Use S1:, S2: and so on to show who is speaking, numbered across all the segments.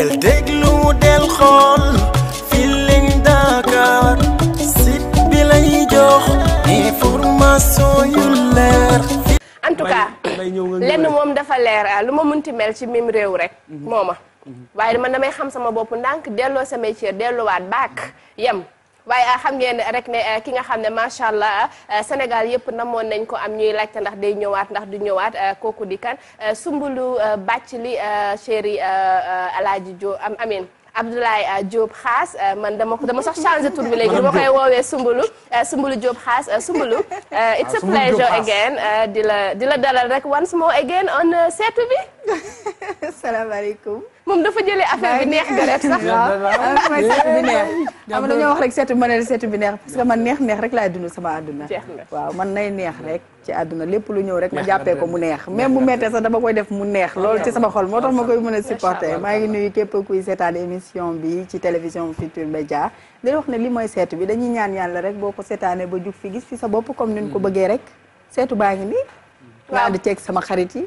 S1: del déglu del xool Feeling Dakar site bi lay jox information
S2: yu leer en lenn moom dafa leer ah, lu ma munti mel ci mim réew rek mhm. mooma mhm. waaye man damay xam sama bopp ndànk delloo samay cër delluwaat baak yem waaye ah, xam ngeen rek ne eh, ki nga xam ne macha allah eh, Sénégal yëpp namoon nañ ko am ñuy laajte ndax day ñëwaat ndax du ñëwaat eh, kooku di kan Sumbulu Bathily chéri Alaaji Jo am amin Abdoulaye Diop Xaas man dama dama sax changé tur bi léegi dama koy woowee Sumbulu Sumbulu Diop Xaas Sumbulu. it's a ah, pleasure again di la di la dalal rek once more again on seetu bi.
S3: moom dafa jëlee affaire bi neex deret sax. waaw ah, seetu bi neex. am na ñoo wax rek seetu ma ne bi neex parce que man neex neex rek laay dund sama àdduna. waaw man nay neex rek ci àdduna lépp lu ñëw rek ma jàppee ko mu neex. même bu mettee sax dama koy def mu neex loolu ci sama xol moo tax ma koy mën a supporter maa ngi nuyu képp kuy seetaan émission bi ci télévision Futurs Médias di wax ne li mooy seetu bi dañuy ñaan yàlla rek boo ko seetaanee ba jug fi gis fi sa bopp comme ni ñu ko hmm. bëggee rek seetu baa ngi nii. ma ànd ceeg sama xarit yi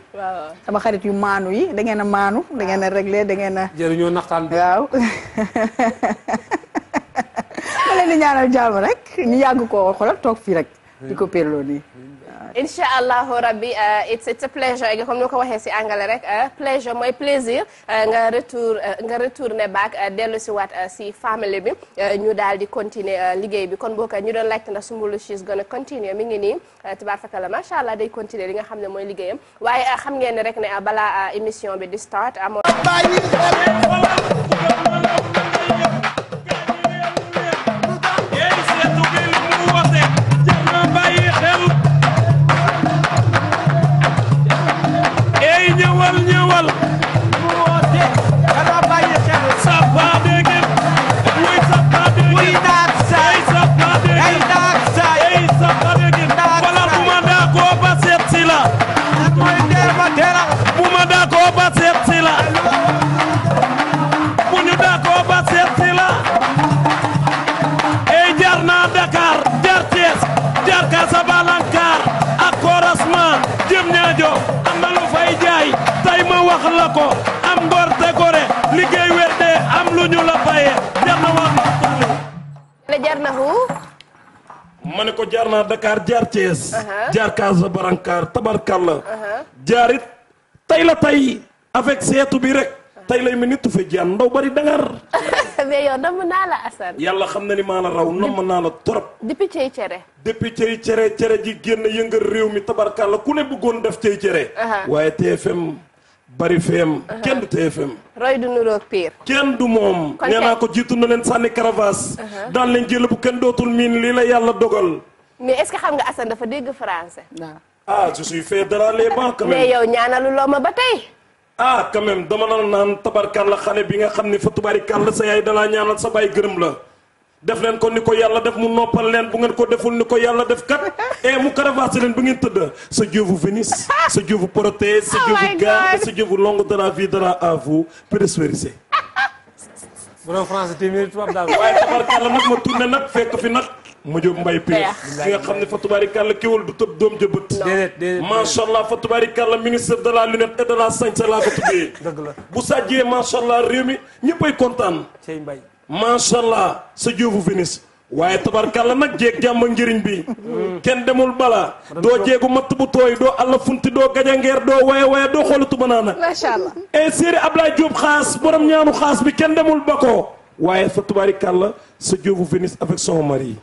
S3: sama xarit yu maanu yi da ngeen maanu dangeen ngeen a réglé da ngeen a
S1: jëriñoo naxtaan waaw
S3: ma leen di ñaanal jàmm rek ñu yàgg ko toog fii rek di ko péerloo
S2: incha allahu rabbi euh, it's it's a pleasure comme ni ko waxee si anglais rek euh, pleasure mooy plaisir euh, nga retour nga retourné back dellu si waat si family bi ñu daal di continuer liggéey bi kon boo ko ñu doon laajte ndax Sumbulu she's gonna continue mi ngi nii tabaarkalla macha allah day continuer li nga xam ne mooy liggéeyam waaye xam ngeen ne rek ne balaa émission bi di start amoon
S1: waaye jar na waar jar na ma ne ko jaar naa Dakar jaar Thiès. jaar Casablanca tabarkalla. jaarit tey la tey avec seetu bi rek. tey lay mi nit fa jaan ndaw bari dangar.
S2: mais yow namm naa la Assane. yàlla
S1: xam na ni maa la raw namm naa la torop.
S2: depuis cey cere.
S1: depuis cey cere cere ji génn yëngal réew mi tabarkalla ku ne bëggoon def cey cere. waaye TFM. bari feem kenn du TFM
S2: roy du nuroog piir
S1: kenn du moom nee naa ko jiitu na leen sànni caravas uh-huh. daan leen jël bu kenn dootul miin lii la yàlla dogal
S2: mais est-ce xam nga Assane dafa dégg français
S1: ah je suis fait les bancs quand même mais yow
S2: ñaanalu loo ma ba tey
S1: ah quand dama naan naan tabarkàlla xale bi nga xam ne fa la sa yaay dalaa ñaanal sa baay gërëm la def leen ko ni ko yàlla def mu noppal leen bu ngeen ko deful ni ko yàlla def kat et mu caravasé leen bu ngeen tëdd sa Dieu vous sa Dieu vous protège sa oh Dieu vous garde sa Dieu vous longue de la vie dara à vous prospérité bu doon français téeméeri tubaab daal waaye nag ma tourné nag fekk fi nag mu jëm mbay pire ki nga xam ne fa tubaarikàlla kéwal du tëb doom jë déedéet déedéet macha allah fa tubaarikàlla ministre de la lunette et de la sañse laa ko tuddee dëgg la bu sàjjee macha allah réew mi ñëppay kontaan cey mbay macha allah sa juufu finis waaye tabarkàlla nag jéeg jàmm njëriñ bi kenn demul bala doo jéegu matt bu tooy doo alla funti doo gajangeer doo waye waye doo xoolatu banaana macha allah e eh, séeri Ablaye Diop xaas borom ñaanu xaas bi kenn demul bakoo waaye fa tabarkàlla sa juufu finis avec son mari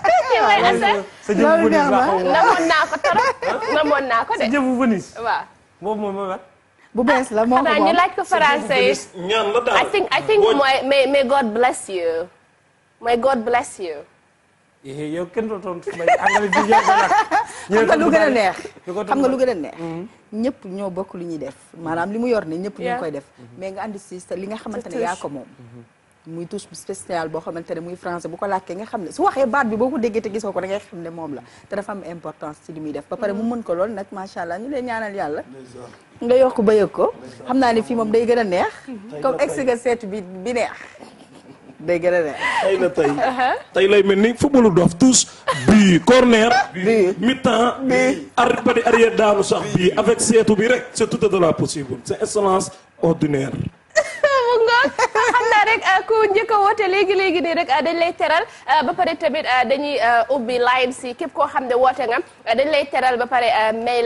S1: sa jëfu finis namoon naa
S2: ko trop namoon naa ko de bu bees la moo ko moom ñu laaj ko français
S1: ñaan la daal I think I
S2: may God bless you
S3: may God bless you.
S1: yow kenn doon tontu mbay engrais bi ñu xam nga lu gën a neex xam
S3: a neex. Mm-hmm. ñëpp ñoo bokk lu ñuy def maanaam li mu yor ne ñëpp ñu koy def. mais nga andi si li nga xamante yaa ko moom. muy touche spéciale boo xamante ne muy français bu ko làkkee nga xam ne su waxee baat bi boo ko déggee te gisoo ko da ngay xam ne moom la te dafa am importance ci li muy def. ba pare mu mën ko lool nag macha allah ñu leen ñaanal nga yokk ba yëg ko xam naa ni fii moom day gën a neex. comme egg si bi bi neex. day gën a neex.
S1: Uh-huh. tey lay mel ni footballu dof tous bii corner. bii mi-temps bii. arrière ba di arrière daanu sax bii avec seetu bi rek. c'est tout à fait possible c'est excellence ordinaire.
S2: rek euh, ku njëkk a woote léegi léegi nii rek euh, dañ lay teral euh, ba pare tamit dañuy ubbi line si képp koo xam ne woote nga dañ lay teral ba pare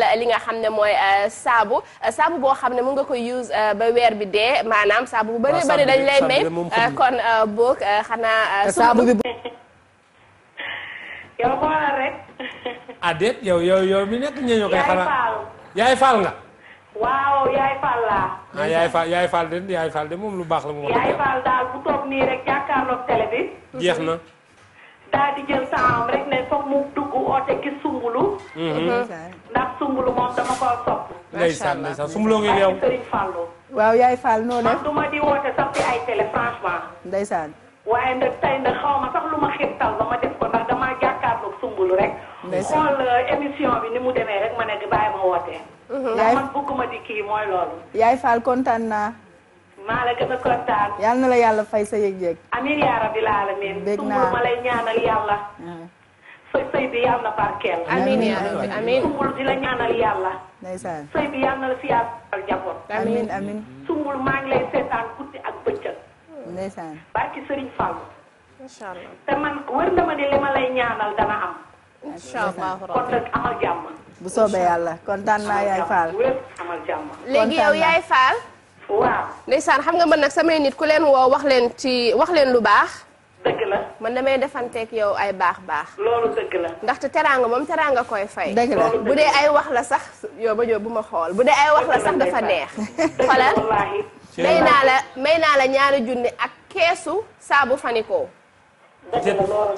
S2: la li nga xam ne mooy saabu saabu boo xam ne mun nga koy use ba weer bi dee maanaam saabu bu bëri dañ lay may kon boog xanaa saabu bi yow xoolal rek.
S1: ah déet yow yow mi nekk ñeeñoo koy xanaa yaay faal nga
S3: waaw yaay Fall laa.
S1: ah yaay Fall yaay Fall de moom lu baax la moom. yaay
S3: Fall daal bu toog nii rek jàkkaarloog télé bi. jeex na. daal di jël saam rek ne foog mu dugg oote ki sumbulu. Mhm. ndax sumbulu moom dama koo sopp.
S1: ndeysaan ndeysaan sumbuloo ngi yow Sëriñ
S3: waaw yaay Fall noo def. di woote sax ci ay télé franchement. ndeysaan. waaye nag
S2: tey nag xaw ma sax lu ma xirtal ba ma def ko ndax damaa jàkkaarloog sumbulu rek. xool euh, émission bi ni mu demee rek ma ne di bàyyi ma wootee. Mhm. yaay man bëgguma di kii mooy loolu.
S3: yaay Fall kontaan naa.
S2: maa la gën a kontaan.
S3: yal na la yàlla fay sa yëg-yëg.
S4: amiin yaa bi
S2: yàlla na barkeel. sumbul di la ñaanal yàlla.
S3: ndeysaan sëy bi yàlla na la si jaboot. amiin amiin sumbul maa ngi lay seetaan guddi ak bëccëg. ndeysaan barki Serigne Fall.
S2: te man wër na ma ni li ma lay ñaanal dana am.
S3: incha allah bu soobee yàlla kontaan naa yaay Fall. amal jàmm léegi yow yaay
S2: Fall. waaw. ndeysaan xam nga mën nag samay nit ku leen woo wax leen ci wax leen lu baax. mën la man damay defanteeg yow ay baax baax. loolu dëgg la. moom teraanga koy fay. dëgg la bu dee ay wax la sax yow ba bu ma xool bu dee ay wax la sax dafa neex. xoolal
S4: may
S1: naa
S2: la may naa la ñaari junni ak keesu saabu fanikoo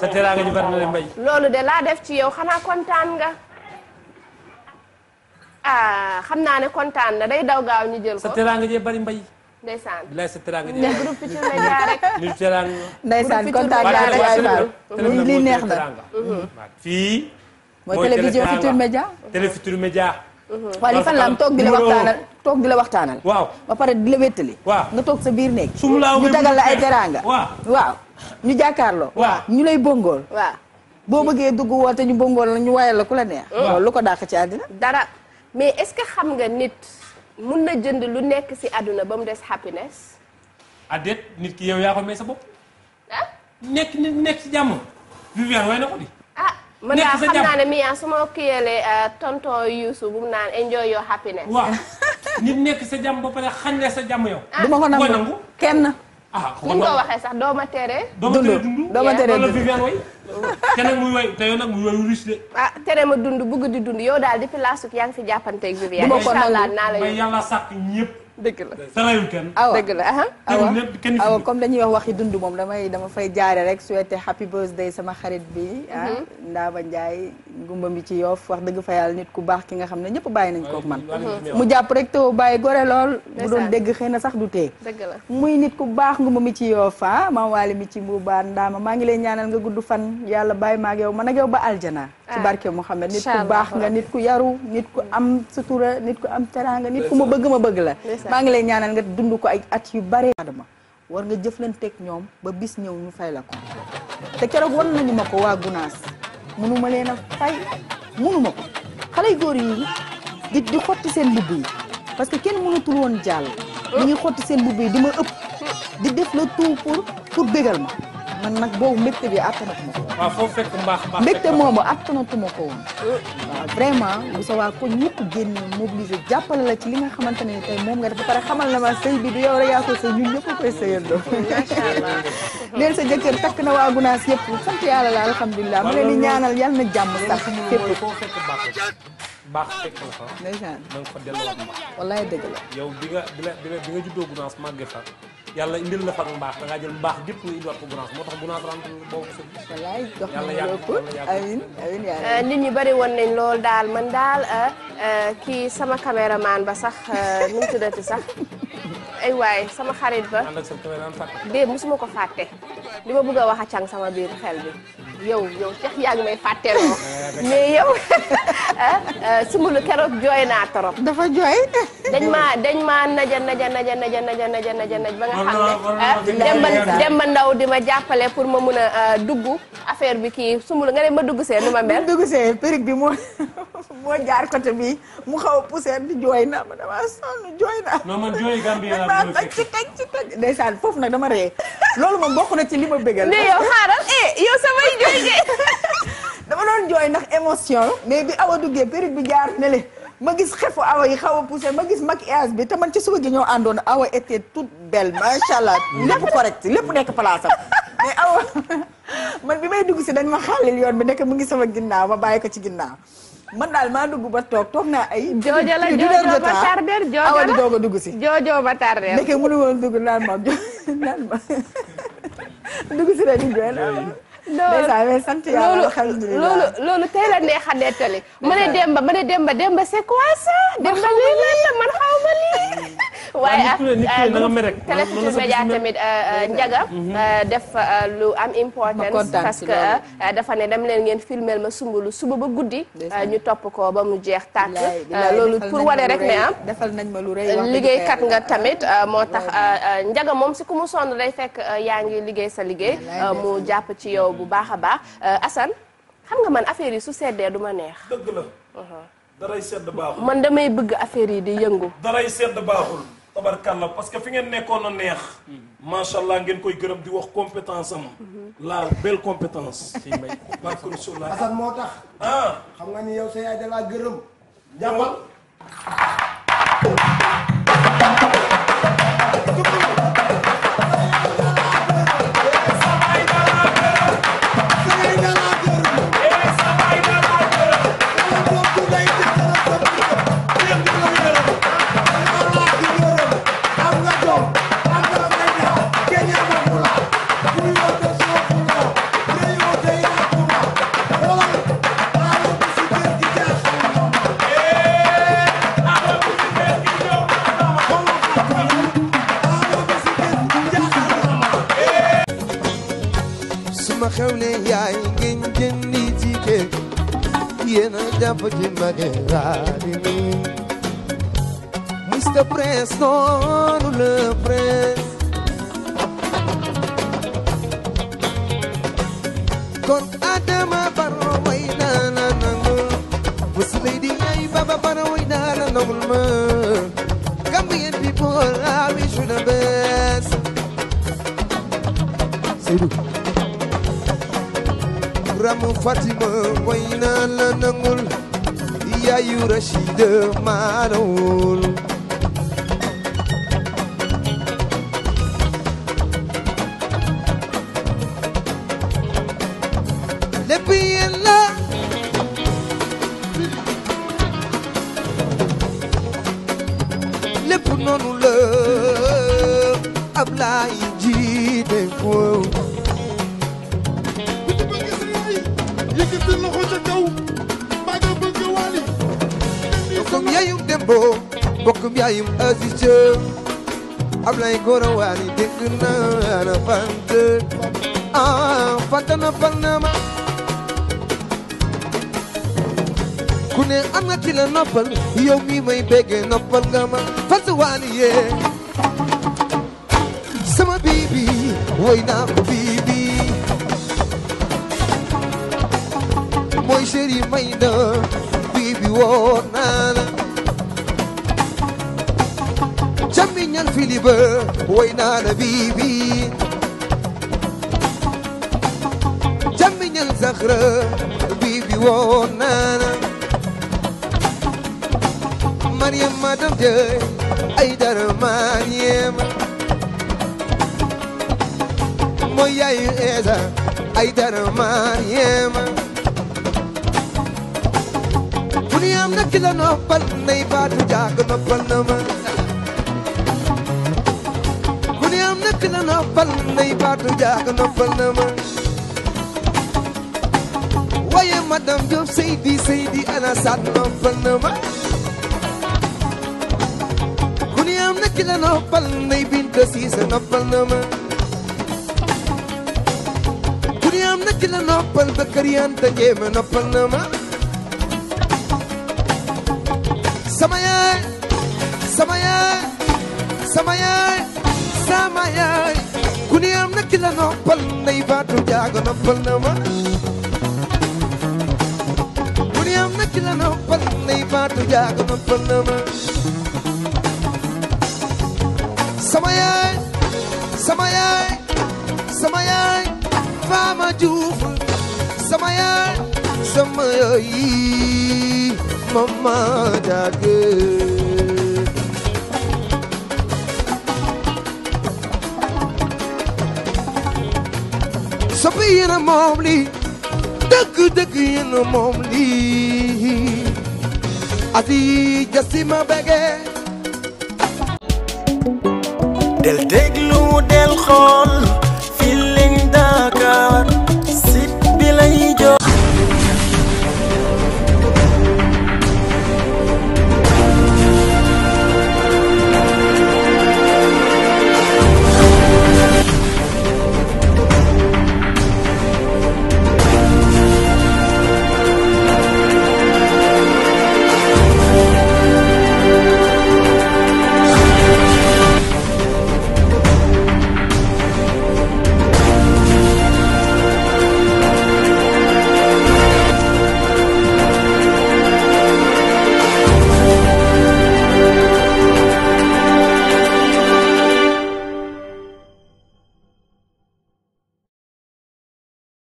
S1: sa teraanga ji bari na de mbay
S2: loolu de laa def ci yow xanaa kontaan ga ah xam naa ne kontaan na day daw gaaw ñu jël ko sa teraanga jee bari mbay ndeysaan bilaay
S1: sa teraanga jee groupe
S2: Futurs Médias rek ñu teraanga ndeysaan
S1: kontaan naa rek yaay Fall li neex na fii
S2: mooy
S3: mhm. fan la am toog di la waxtaanal toog di la waxtaanal waaw ba pare di la wéttali nga toog sa biir néeg su mu laaw la ay teraanga waaw ñu jàkkaarloo. waaw ñu lay bongool. waa boo bëggee dugg woo te ñu bongool la ñu waayal la ku la neex. Oh. lu ko dàq ci àddina. dara mais est-ce que xam nga nit mun na jënd lu nekk
S2: si àdduna ba mu des happiness.
S1: adet nit ki yow yaa ko may sa bopp. ah nekk nit nekk ci jàmm. Viviane way na ko ah, ne
S2: mii su ma kiyalee euh, tonton Youssou bu mu naan enjoy your happiness. waaw
S1: nit nekk sa jàmm ba pare xañ sa jàmm yow. ah ko nangu kenn. ah ni nga
S2: waxee sax doo ma teree. doo ma teree
S1: dund doo ma teree dund Viviane way keneen muy
S2: ah tere ma dund bëgg
S3: di dund yow daal depuis laa sukk yaa ngi fi jàppanteeg
S2: Viviane. du ma ko nangu incha allah naa la
S1: yóbbu mais dëgg la sarayul kenn. awa dëgg
S3: la awa awa comme dañuy wax waxi dund moom damay dama fay jaare rek wetee happy birthday sama xarit bi ah. mhm. ndaa ba Ndiaye ngumba mi ci yoof wax dëgg fa yàlla nit ku baax ki nga xam ne ñëpp bàyyi nañ kook man mhm. mu jàpp rek taw bàyyi gore lool bu doon dégg xëy na sax du tee dëgg la muy nit ku baax ngumba mi ci yoof ah maam waale mi ci mbuubaan ndaama maa ngi lay ñaanal nga gudd fan yàlla bàyyi maag yow man ak yow ba aljana ci barke Mouhamed nit ku baax nga nit ku yaru nit ku am sutura nit ku am teraanga nit ku ma bëgg ma bëgg la maa ngi lay ñaanal nga dund ko ay at yu bare adama war nga jëf jëflanteeg ñoom ba bis ñëw ñu fay la ko te keroog war nañu ma ko waa Gunaas mënuma leen a fay mënuma ko xale góor yi di di xotti seen mbubb yi parce que kenn mënatul woon jàll. Oh. ñuy xotti seen mbubb yi di ma ëpp hmm. di def la tout pour pour bégal ma man nag boobu mbégte bi àttanatu ma ko
S1: woon. waaw foofu fekk mbaax mbaax mbégte
S3: moomu àttanatu ma ko woon. waaw vraiment bu sa waa ko ñëpp génn mobilisé jàppale la ci li nga xamante ne tey moom nga def ba pare xamal na ma sëy bi du yow rek yaa ko sëy ñun ñëpp a koy sëyandoo. macha allah. leen sa jëkkër takk na waa Gunaas yëpp sant yàlla la alhamdulilah. ma leen di ñaanal yàlla na jàmm sax képp.
S1: baax fekk la fa. ndeysaan na nga fa delluwaat mbaax. wallaay dëgg la. yow bi nga bi nga bi nga juddoo Gunaas màggee fa yàlla indil la fa ak mbaax da ngaa jël mbaax gépp nga indiwaat ko gunaas moo tax gunaas rent boobu sa
S3: wallaay jox
S2: na lépp euh, nit ñu bari woon nañ lool daal man daal euh, euh, kii sama caméraman ba sax nu mu tuddati ay waay sama xarit ba dée musuma ko fàtte li ma bëgg a wax a càng sama biir xel bi yow yow Cheikh yaa ngi may fàtteloo mais yow Soumboulou ah, ah, keroog jooy naa trop. dafa jooy. dañ ma dañ maa naja naja naja naja naja naja naja naj ba nga xam ne Demba ah, Demba Ndaw di ma jàppale pour ma mun a dugg affaire bi kii Soumboulou nga ne ma dugg see nu ma mel. dugg see périg bi moo
S3: moo jaar côté bi mu xaw a poussé di jooy na ma dama sonn jooy jooy Gambie laa bëgg a fekk toj ci toj ci toj. foofu nag dama ree loolu moom bokk na ci li ma bëggal. mais yow eh, samay jooy. dama doon jooy ndax émotion mais bi awa duggee période bi jaar ne ma gis xefu awa yi xaw a poussé ma gis mag maquillage bi te man ci suba ji ñoo àndoon awa était toute belle macha allah lépp correct lépp nekk place am mais awa man bi may dugg si dañ ma xaalil yoon bi nekk mu ngi sama ginnaaw ma bàyyi ko ci ginnaaw man daal maa dugg ba toog toog naa ay. joojo la joojo ba tarder joojo la awa di doog a dugg si. joojo ba tarder nekkee mënu woon dugg naan ma dëgg sant yàlla alhamdulilah loolu loolu tey la
S2: neex a nettali. ma ne Demba ma ne Demba Demba c'est quoi ça. Demba la man xaw ma waaye groupe Téléfutur euh, Média tamit euh, njaga euh, def lu am importance parce dafa ne dem leen ngeen filmel ma sumbulu suba ba guddi ñu topp ko ba mu jeex tàkk loolu pour wane rek ne am ah,
S3: defal nañ ma lu rëy liggéeykat nga
S2: tamit moo tax njaga moom si ku mu sonn day fekk yaa ngi liggéey sa liggéey mu jàpp ci yow bu baax a baax Assane xam nga man affaire yi su seddee du ma neex
S1: dëgg uh-huh. man
S2: damay bëgg affaire yi di yëngu
S1: daray sedd baaxul tabarkàlla parce que fi ngeen nekkoon a neex. macha allah ngeen koy gërëm di wax compétence am. la belle compétence. si mbay barke Rasulullah Assane moo tax. ah xam nga ni yow sa yaay da laa gërëm. jàppal.
S4: jàpp ci mage radini Mr Prince noonu le kon Adama Barrow way naa la nangul Miss Lady Yai Baba Barrow way naa la nangul ma Gambian people I wish you the best Seydou maamu Fatima way na la nangul yaayu Rashida maarawul bisub yaayum Asise Ablay Gora Waly dégg naa na fante ah fante na fal na ma ku ne am na ci yow mi may bégge noppal nga ma fante Waly yee sama bibi woy naa ko bibi mooy chéri may na bibi woo naa nan filiba way naa la bibi jamiñal Zahra bibi woo naana Mariam madam jëy ay dara Mariam mooy yaayu Eza ay dara Mariam bu na ki la noppal nay baatu jaag noppal na ma ki la noppal ndey baatu jaaga noppal na ma waaye madame Diop Seydi Seydi Alassane na ma ku ni na ki la noppal ndey Binta Siise noppal na ma na ki la noppal Bakari Anta Jéeme noppal na ma ki la noppal ndey faatu jaago noppal na ma mu na ki noppal ndey faatu jaago noppal na ma sama yaay sama yaay sama yaay faama juuf sama yaay sama yaay mama jaage sopp yéen a moom lii dëgg dëgg yéen moom lii ati yi jasi del déglu del xool